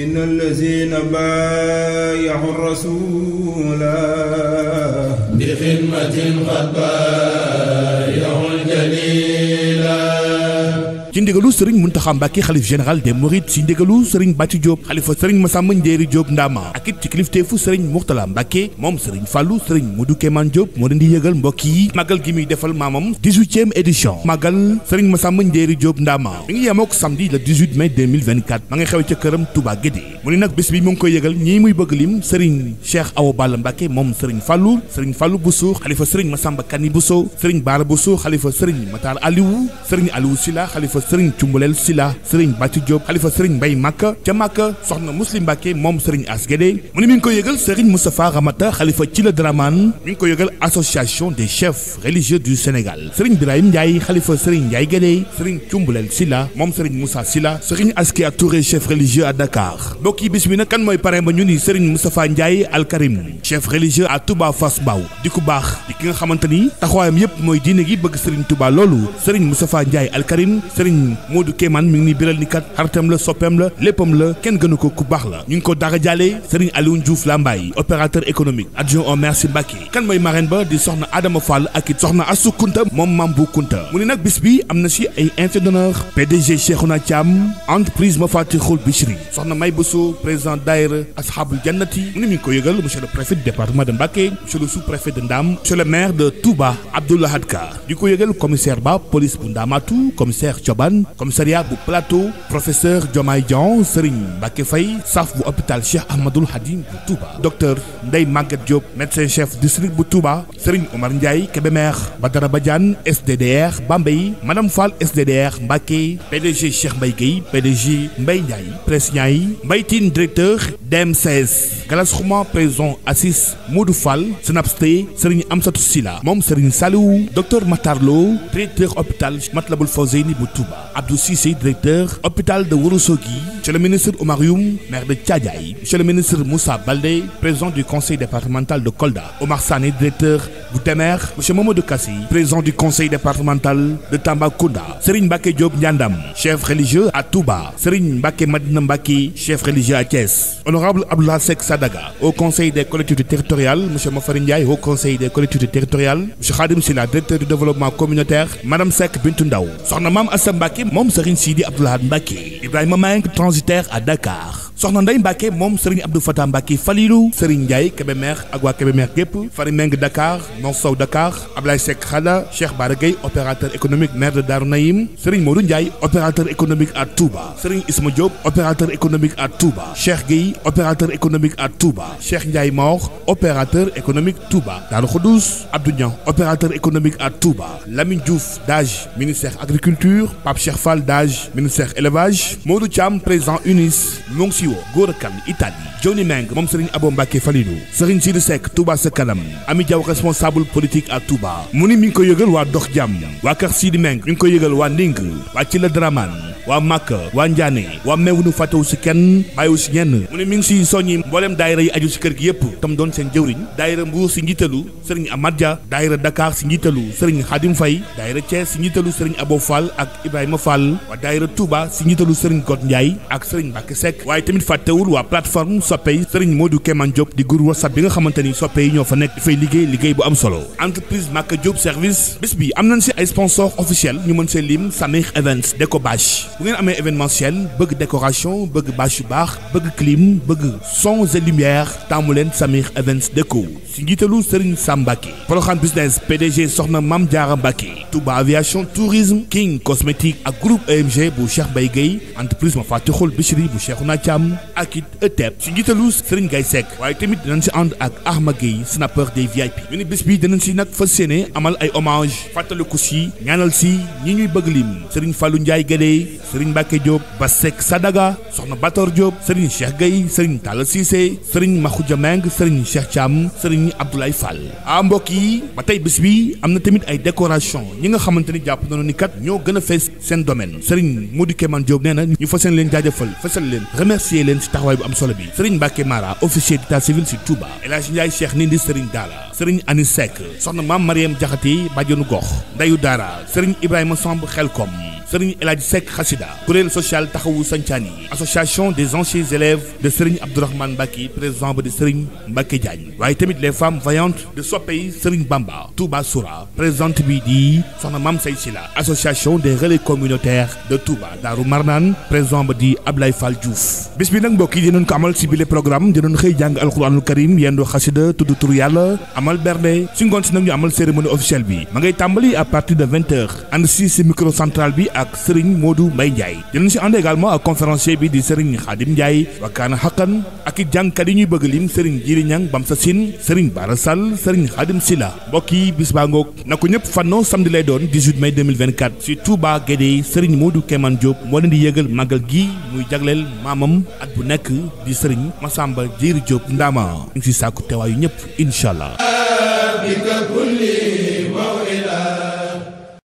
إن الذين بايعوا الرسول بخدمة قد بايعوا ci ndigalu sëriñ Muntaxa Mbàkke xalif xalifa sëriñ Masamba Njéeri Diop Ndama ak it ci kilifteefu sëriñ Muxtala Mbàkke moom sëriñ Fàllu sëriñ yi màggal gi muy defal maamam 18e édition màggal sëriñ Masamba Njéeri Diop Ndama mi ngi ma nga xew ca këram Touba Guédé Fàllu sëriñ Fàllu xalifa sëriñ Masamba Kani Bousso sëriñ Baara Bousso xalifa sëriñ Matar Aliou sëriñ Aliou Sila sëriñ cumbaleel sila sëriñ bàcci Diop xalifa sëriñ mbay màkka ca màkka soxna muslim mbàkke moom sëriñ asgédé mu ne mi ngi ko yëgal sëriñ moustapha ramata xalifa ci la draman mi ngi ko yëgal association des chefs religieux du sénégal sëriñ birahim ndiaye xalifa sëriñ ndiaye gédé sëriñ cumbaleel sila moom sëriñ moussa sila sëriñ aski ak touré chef religieux à dakar mbokk bis bi nag kan mooy parrain ba ñu ni sëriñ moustapha ndiaye alkarim chef religieux à touba fass mbaw di ku baax di ki nga xamante ni taxawaayam yépp mooy diine gi bëgg sëriñ touba loolu King Modou Kéman mi ngi ni biral ni kat xaritam la sopem la léppam la ken gënu ko ku bax la ñu ko dara jàllee Serigne aliou ndiouf Lambaye opérateur économique adjoint au maire si kan moy marraine ba di soxna Adama Fall ak soxna Kounta moom maam bu mu ay invité PDG Cheikhouna Thiam entreprise Mafatihul Bichri soxna May Bousso président daire Ashabul Jannati mu ne mi ko yëgal monsieur le préfet du département de Mbacké monsieur le sous-préfet de Ndam monsieur le maire de Touba Abdoulahad Ka di ko commissaire ba police bu Ndamatou commissaire Chaba comme commissariat du Plateau professeur Diomaye Jean Serigne Bakefay, Faye saf bu hôpital Cheikh Ahmadoul Hadim Boutouba, docteur Ndeye Maguette Diop médecin chef district Boutouba, Touba Serigne Omar Ndiaye Kebemer, Badara SDDR Bambay, Madame Fall SDDR Baké, PDG Cheikh Mbaye PDG Mbaye Ndiaye presse Ndiaye Mbaye directeur, directeur Galas Président Assis Modou Fall Sérigny Serigne Sila Mom Serigne Salou, docteur Matarlo directeur hôpital Matlaboul Fawzeyni bu Abdou Sissé, directeur hôpital de Wurusogi chez le ministre Oumar maire de Thiadiaye chez le ministre Moussa Balde, président du conseil départemental de Kolda Omar Sane, directeur bu Chez Momo de Kassi président du conseil départemental de Tambacounda Serigne Baké Diop Ndiandam chef religieux à Touba Serigne Baké Madina chef religieux à Thiès honorable Abdoulaye Sek au Conseil des collectivités territoriales, M. Mofarindia et au Conseil des collectivités territoriales, M. Khadim Sina, directeur du développement communautaire, Mme Sek Bintundaou. Sornamam Assambaki, Mom Serine Sidi Abdullah Mbaki. Ibrahim Maeng, transitaire à Dakar soxna Ndeye Mbacke moom Serigne Abdou Fatah Mbacke Falilou Serigne Ndiaye Kemmer, ak wa Kébémer gépp Dakar non Dakar Ablaye Seck khala Cheikh opérateur économique maire de Darou Naïm Serigne Modou Ndiaye opérateur économique à Touba Serigne Isma Diop opérateur économique à Touba Cheikh Gueye opérateur économique à Touba Cheikh Ndiaye Mor opérateur économique Touba dal Khoudous Abdou opérateur économique à Touba Lamine Diouf DAGE ministère agriculture Pape Cheikh Fall DAGE ministère élevage Modou Thiam président UNIS Sio Gora Kane Italie Johnny Meng mom Serigne Abou Mbacké Falilou Serigne Sidi Seck Touba sa kanam Ami Diaw responsable politique à Touba mu ni mi ngi ko yëgal wa Dox Jàmm waa Kër Sidi Meng mi ngi ko yëgal waa wa waa Cila Dramane wa Màkka waa Njaane waa meewunu fàttewu si kenn bàyyiwu si ñenn mu mi ngi daayira yi aju ci kër gi yépp tam doon seen jëwriñ daayira Mbuur si njiitalu Serigne Amad Dia daayira Dakar si njiitalu Serigne Khadim Faye daayira Thiès si njiitalu Serigne Abou Fall ak Ibrahima Fall wa daayira Touba si njiitalu Serigne Kot Ndiaye ak Serigne Mbacké Seck waye tamit fàttewul wa plateforme so yi Serigne Modou keman Diop di groupe WhatsApp bi nga xamante so soppe ño fa nek dafay liggéey liggéey bu am solo entreprise Maka job service bis bi am nañ si ay sponsor officiel ñu mën see lim Samir Events Déco bash bu ngeen amé événementiel bëgg décoration bëgg bâche yu baax bëgg clim bëgg sons et lumière taamu leen Samir Events Déco si njiitalu Serigne Sam Mbacké programme business PDG soxna mam Diarra Mbacké Touba aviation tourisme King cosmétique ak groupe EMG bu Cheikh Mbaye Guèye entreprise ma fàttixul Bichri bu Cheikhouna Thiam Thiam akit ETEP ci njiitalu Serigne gay Seck waye tamit dinañ ci and ak Ahma gay snapper des VIP ñu bis bi dinañ si nak fas amal ay hommage ko si ñaanal si ñi ñuy bëgg lim Serigne Fallou Ndiaye Guédé Serigne Mbacke Diop Ba Seck Sadaga Soxna Bator Diop Serigne Cheikh gay Serigne Talla Cissé Serigne Makhoudia Meng Serigne Cheikh cham Serigne Abdoulaye Fall a ah, mbokk yi ba tay bis bi amna tamit ay décoration ñi nga xamanteni japp jàpp nañu ni kat ñoo gëna fess sen domaine Serigne Modou Kéman Diop nee na ñu faseen leen jaajëfal fasal leen remercier remercier leen si taxawaay bu am solo bi Serigne Mbacke Mara officier d'état civil si Touba El Hadj Ndiaye Cheikh Nindi Serigne Dala Serigne Anis Seck soxna maam Mariam Diakhaté bajonu gox Ndayu Daara Serigne Ibrahima Samb Xelkom Serigne El Hadj Khassida, Xasida social taxawu sancaan association des anciens élèves de Serigne Abdourahmane Baki, président de Sering Serigne Mbacké Diagne Waye tamit les femmes vaillantes de pays Serigne Bamba Touba Soura présente bi di soxna Mame association des relais communautaires de Touba Darou Marnan, président di Ablaye Fall Diouf bis bi nag mbokk yi dinañ ko amal bi bile programme dinañ xëy jàng alquranul karim yendo khassida tuddu tur yalla amal bernde si ngoon ñu amal cérémonie officielle bi ma ngay tambali à partir de 20 h and ci ce micro central bi à ak Serigne Modou Mbaye Ndiaye dinañ si ànd également ak conférencier bi di Serigne Khadim Ndiaye wakkaana xaqan ak i jàngkat yi ñuy bëgg lim Serigne Jiri bam Bamsa Sine Serigne Bara Sall Serigne Khadim Silla mbokk yi bis baa ngoog na ko ñëpp fannoo samedi lay doon 18 mai 2024 si Touba Guédé Serigne Modou Kéman Diop moo leen di yëgal màggal gi muy jagleel maamam at bu nekk di ma Massamba Jiri Diop Ndama ñu ngi si sàkku teewaayu ñëpp incha allah.